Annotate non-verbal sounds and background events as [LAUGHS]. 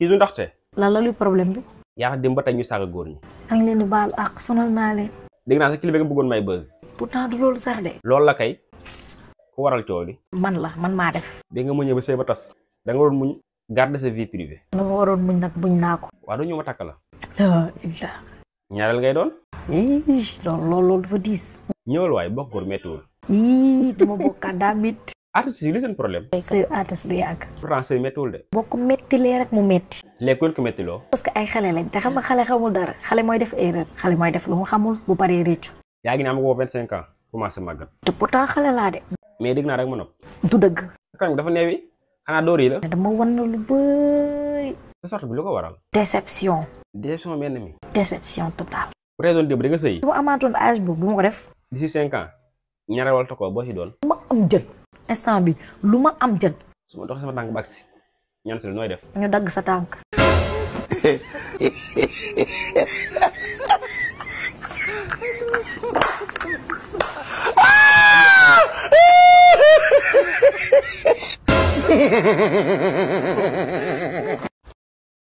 kii du ndaxte. lan la luy problème bi. yaa dem ba tey ñu saaga góor ñi. maa leen di baal ak sonal naa leen. dégg naa sa clip nga bëggoon may buzz. pourtant du loolu la kay ku waral coow man la man maa def. dégg nga muñee ba ba tas. da nga waroon muñ garder sa vie privée. da nga waroon muñ nag buñ naa ko. waaw doo ñëw ma takk la. ñaareel ngay doon. loolu loolu loolu dafa diis. ñëwal waay bokk góor méttiwul. dama bokkaat daa métti. artiste yi li problem. problème artiste du yàgg français yi de boo mau méttilee rek mu métti léegi ko méttiloo parce que ay xale lañ te xam xamul dara def erreur eh, xale mooy def lu mu xamul bu paree réccu yaa ngi am ko vingt ans commencé màggat te pourtant xale laa de mais dégg rek ma du dëgg kanam dafa neewi xanaa dóor la dama wan lu bëri sa sorte bi lu ko waral déception déception benn mi déception totale def ans doon ma instant bi luma am jeun suma dox sama tank ba ñan ñaan noy def. ñu dag sa [LAUGHS]